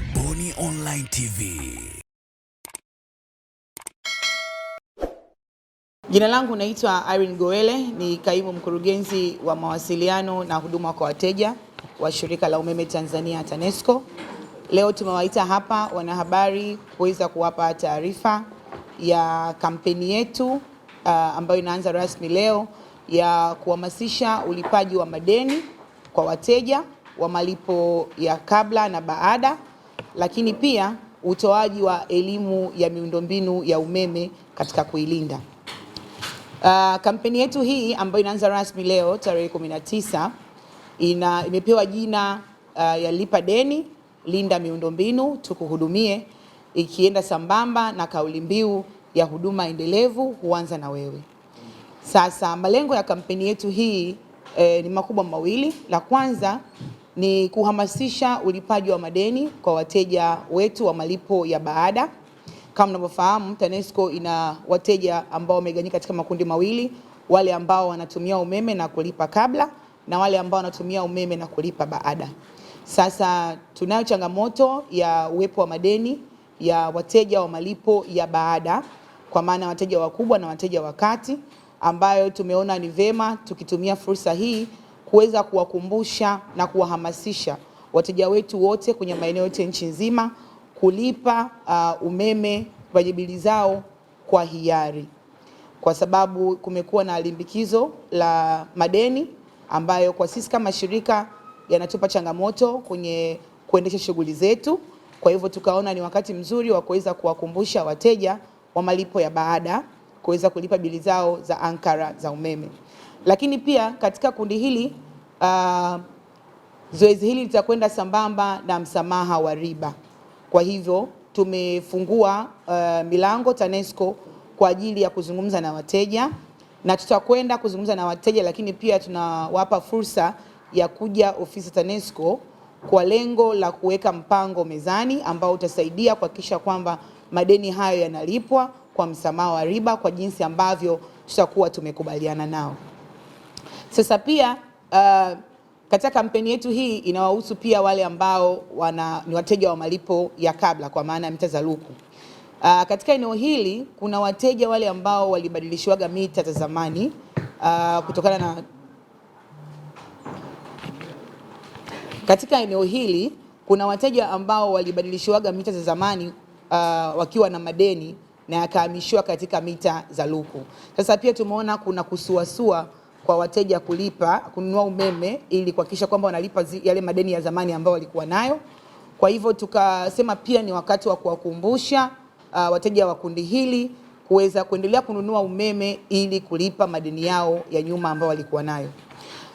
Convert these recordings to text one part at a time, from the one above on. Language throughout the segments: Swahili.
Billy Online TV. Jina langu naitwa Irene Goele, ni kaimu mkurugenzi wa mawasiliano na huduma kwa wateja wa shirika la umeme Tanzania TANESCO. Leo tumewaita hapa wanahabari kuweza kuwapa taarifa ya kampeni yetu uh, ambayo inaanza rasmi leo ya kuhamasisha ulipaji wa madeni kwa wateja wa malipo ya kabla na baada lakini pia utoaji wa elimu ya miundombinu ya umeme katika kuilinda. Uh, kampeni yetu hii ambayo inaanza rasmi leo tarehe 19 ina imepewa jina uh, ya lipa deni, linda miundombinu, tukuhudumie, ikienda sambamba na kauli mbiu ya huduma endelevu huanza na wewe. Sasa malengo ya kampeni yetu hii eh, ni makubwa mawili. La kwanza ni kuhamasisha ulipaji wa madeni kwa wateja wetu wa malipo ya baada. Kama mnavyofahamu, TANESCO ina wateja ambao wamegawanyika katika makundi mawili, wale ambao wanatumia umeme na kulipa kabla na wale ambao wanatumia umeme na kulipa baada. Sasa tunayo changamoto ya uwepo wa madeni ya wateja wa malipo ya baada, kwa maana wateja wakubwa na wateja wa kati, ambayo tumeona ni vema tukitumia fursa hii kuweza kuwakumbusha na kuwahamasisha wateja wetu wote kwenye maeneo yote nchi nzima kulipa uh, umeme kwa bili zao kwa hiari, kwa sababu kumekuwa na limbikizo la madeni ambayo kwa sisi kama shirika yanatupa changamoto kwenye kuendesha shughuli zetu. Kwa hivyo tukaona ni wakati mzuri wa kuweza kuwakumbusha wateja wa malipo ya baada kuweza kulipa bili zao za ankara za umeme. Lakini pia katika kundi hili uh, zoezi hili litakwenda sambamba na msamaha wa riba. Kwa hivyo tumefungua uh, milango TANESCO kwa ajili ya kuzungumza na wateja na tutakwenda kuzungumza na wateja, lakini pia tunawapa fursa ya kuja ofisi TANESCO kwa lengo la kuweka mpango mezani ambao utasaidia kuhakikisha kwamba madeni hayo yanalipwa kwa msamaha wa riba kwa jinsi ambavyo tutakuwa tumekubaliana nao. Sasa pia uh, katika kampeni yetu hii inawahusu pia wale ambao wana, ni wateja wa malipo ya kabla kwa maana ya mita za luku. Uh, katika eneo hili kuna wateja wale ambao walibadilishiwaga mita za zamani uh, kutokana na katika eneo hili kuna wateja ambao walibadilishiwaga mita za zamani uh, wakiwa na madeni na yakahamishiwa katika mita za luku. Sasa pia tumeona kuna kusuasua kwa wateja kulipa kununua umeme ili kuhakikisha kwamba wanalipa yale madeni ya zamani ambayo walikuwa nayo. Kwa hivyo tukasema pia ni wakati wa kuwakumbusha uh, wateja wa kundi hili kuweza kuendelea kununua umeme ili kulipa madeni yao ya nyuma ambayo walikuwa nayo.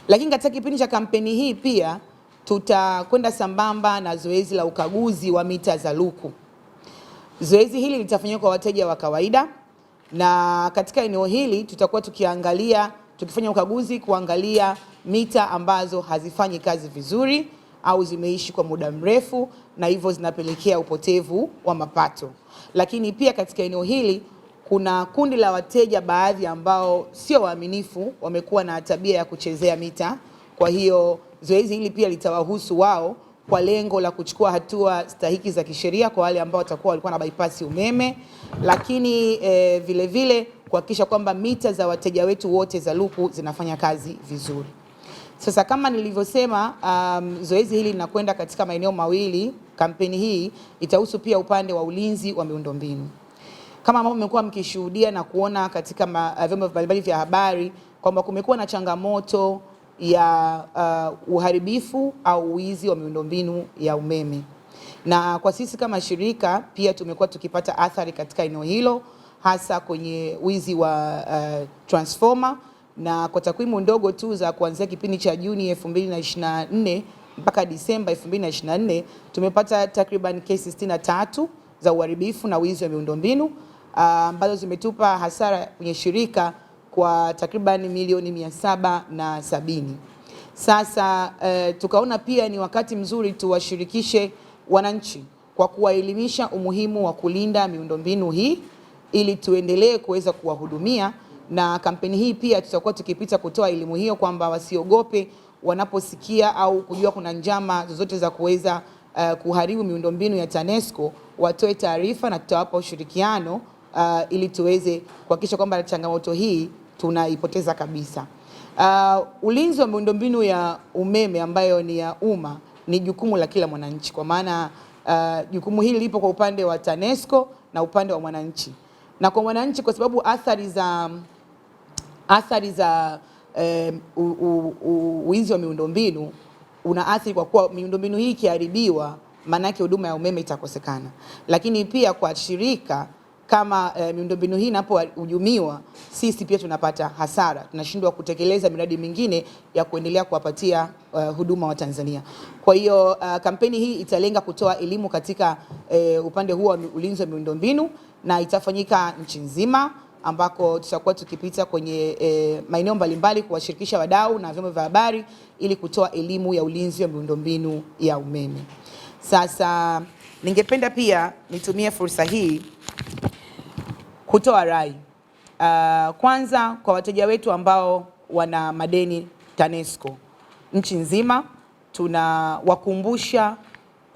Lakini katika kipindi cha kampeni hii pia tutakwenda sambamba na zoezi la ukaguzi wa mita za luku. Zoezi hili litafanywa kwa wateja wa kawaida, na katika eneo hili tutakuwa tukiangalia tukifanya ukaguzi kuangalia mita ambazo hazifanyi kazi vizuri au zimeishi kwa muda mrefu na hivyo zinapelekea upotevu wa mapato. Lakini pia katika eneo hili kuna kundi la wateja baadhi ambao sio waaminifu, wamekuwa na tabia ya kuchezea mita. Kwa hiyo zoezi hili pia litawahusu wao kwa lengo la kuchukua hatua stahiki za kisheria kwa wale ambao watakuwa walikuwa na bypass umeme, lakini eh, vile vile kuhakikisha kwamba mita za wateja wetu wote za luku zinafanya kazi vizuri. Sasa kama nilivyosema, um, zoezi hili linakwenda katika maeneo mawili. Kampeni hii itahusu pia upande wa ulinzi wa miundombinu kama ambavyo mmekuwa mkishuhudia na kuona katika uh, vyombo mbalimbali vya habari kwamba kumekuwa na changamoto ya uh, uharibifu au uwizi wa miundombinu ya umeme, na kwa sisi kama shirika pia tumekuwa tukipata athari katika eneo hilo hasa kwenye wizi wa uh, transformer na kwa takwimu ndogo tu za kuanzia kipindi cha Juni 2024 mpaka Disemba 2024 tumepata takriban kesi 63 za uharibifu na wizi wa miundombinu uh, ambazo uh, zimetupa hasara kwenye shirika kwa takriban milioni mia saba na sabini. Sasa uh, tukaona pia ni wakati mzuri tuwashirikishe wananchi kwa kuwaelimisha umuhimu wa kulinda miundombinu hii ili tuendelee kuweza kuwahudumia. Na kampeni hii pia tutakuwa tukipita kutoa elimu hiyo kwamba wasiogope wanaposikia au kujua kuna njama zozote za kuweza uh, kuharibu miundombinu ya TANESCO watoe taarifa na tutawapa ushirikiano uh, ili tuweze kuhakikisha kwamba changamoto hii tunaipoteza kabisa. Uh, ulinzi wa miundombinu ya umeme ambayo ni ya umma ni jukumu la kila mwananchi, kwa maana uh, jukumu hili lipo kwa upande wa TANESCO na upande wa mwananchi na kwa mwananchi, kwa sababu athari za athari za uwizi um, wa miundombinu athari kwa kuwa miundombinu hii ikiharibiwa, maanake huduma ya umeme itakosekana, lakini pia kwa shirika kama e, miundombinu hii inapohujumiwa, sisi pia tunapata hasara, tunashindwa kutekeleza miradi mingine ya kuendelea kuwapatia uh, huduma wa Tanzania. Kwa hiyo uh, kampeni hii italenga kutoa elimu katika uh, upande huo wa ulinzi wa miundombinu na itafanyika nchi nzima ambako tutakuwa tukipita kwenye e, maeneo mbalimbali kuwashirikisha wadau na vyombo vya habari ili kutoa elimu ya ulinzi wa miundombinu ya umeme. Sasa ningependa pia nitumie fursa hii kutoa rai uh, kwanza kwa wateja wetu ambao wana madeni TANESCO nchi nzima, tunawakumbusha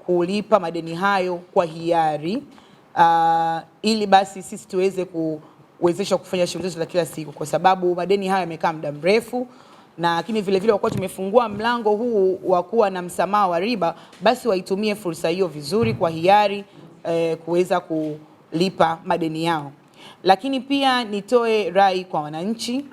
kulipa madeni hayo kwa hiari uh, ili basi sisi tuweze kuwezesha kufanya shughuli zetu za kila siku, kwa sababu madeni haya yamekaa muda mrefu na lakini vile vile wakuwa tumefungua mlango huu wa kuwa na msamaha wa riba, basi waitumie fursa hiyo vizuri kwa hiari eh, kuweza kulipa madeni yao. Lakini pia nitoe rai kwa wananchi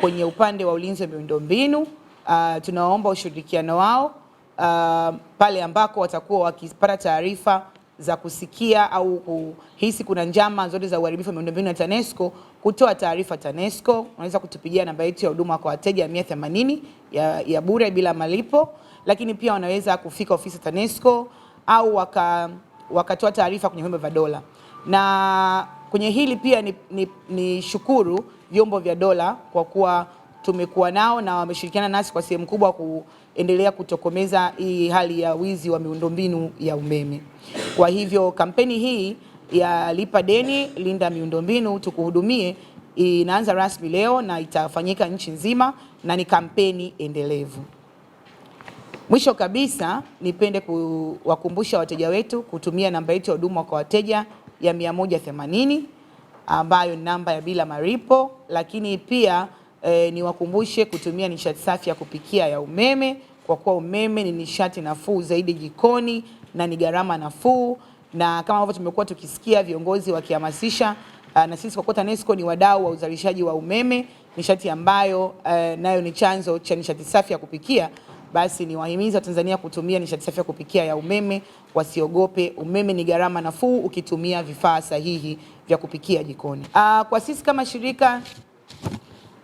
kwenye upande wa ulinzi wa miundombinu uh, tunaomba ushirikiano wao uh, pale ambako watakuwa wakipata taarifa za kusikia au kuhisi kuna njama zote za uharibifu wa miundombinu ya TANESCO kutoa taarifa TANESCO. Unaweza kutupigia namba yetu ya huduma kwa wateja 180 ya, ya bure bila malipo, lakini pia wanaweza kufika ofisi TANESCO au waka wakatoa taarifa kwenye vyombo vya dola. Na kwenye hili pia ni, ni, ni shukuru vyombo vya dola kwa kuwa tumekuwa nao na wameshirikiana nasi kwa sehemu kubwa kuendelea kutokomeza hii hali ya wizi wa miundombinu ya umeme. Kwa hivyo kampeni hii ya lipa deni linda miundombinu tukuhudumie inaanza rasmi leo na itafanyika nchi nzima na ni kampeni endelevu. Mwisho kabisa, nipende kuwakumbusha wateja wetu kutumia namba yetu ya huduma kwa wateja ya 180 ambayo ni namba ya bila malipo, lakini pia eh, niwakumbushe kutumia nishati safi ya kupikia ya umeme kwa kuwa umeme ni nishati nafuu zaidi jikoni na ni gharama nafuu, na kama ambavyo tumekuwa tukisikia viongozi wakihamasisha uh, na sisi kwa kuwa TANESCO ni wadau wa uzalishaji wa umeme, nishati ambayo uh, nayo ni chanzo cha nishati safi ya kupikia, basi ni wahimiza Watanzania kutumia nishati safi ya kupikia ya umeme, wasiogope. Umeme ni gharama nafuu ukitumia vifaa sahihi vya kupikia jikoni. Uh, kwa sisi kama shirika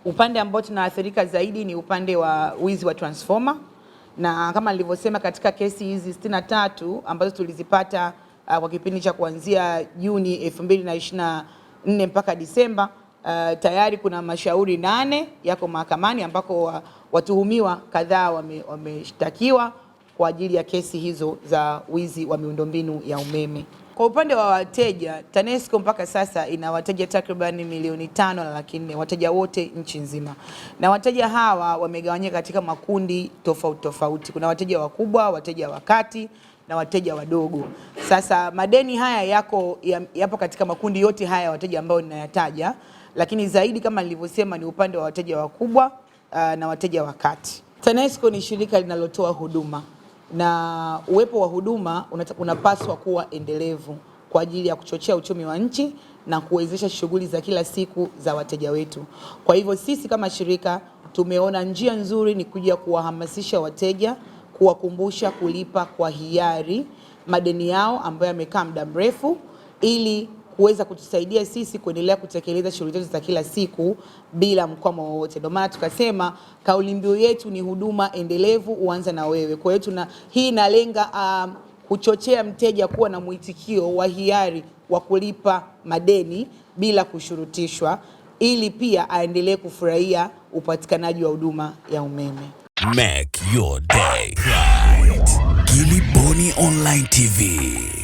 upande ambao tunaathirika zaidi ni upande wa wizi wa transformer na kama nilivyosema katika kesi hizi 63 ambazo tulizipata uh, kwa kipindi cha kuanzia Juni 2024 mpaka Disemba uh, tayari kuna mashauri nane yako mahakamani ambako uh, watuhumiwa kadhaa wameshtakiwa wame kwa ajili ya kesi hizo za wizi wa miundombinu ya umeme. Kwa upande wa wateja, TANESCO mpaka sasa ina wateja takribani milioni tano na laki nne, wateja wote nchi nzima, na wateja hawa wamegawanyika katika makundi tofauti tofauti. Kuna wateja wakubwa, wateja wa kati na wateja wadogo. Sasa madeni haya yako yapo katika makundi yote haya wateja ambao ninayataja, lakini zaidi kama nilivyosema ni upande wa wateja wakubwa uh, na wateja wa kati. TANESCO ni shirika linalotoa huduma na uwepo wa huduma unapaswa kuwa endelevu kwa ajili ya kuchochea uchumi wa nchi na kuwezesha shughuli za kila siku za wateja wetu. Kwa hivyo sisi kama shirika tumeona njia nzuri ni kuja kuwahamasisha wateja, kuwakumbusha kulipa kwa hiari madeni yao ambayo yamekaa muda mrefu ili kuweza kutusaidia sisi kuendelea kutekeleza shughuli zetu za kila siku bila mkwamo wowote. Ndio maana tukasema kauli mbiu yetu ni huduma endelevu, uanza na wewe. Kwa hiyo tuna hii inalenga um, kuchochea mteja kuwa na mwitikio wa hiari wa kulipa madeni bila kushurutishwa ili pia aendelee kufurahia upatikanaji wa huduma ya umeme. Make your day right. Gilly Bonny Online TV.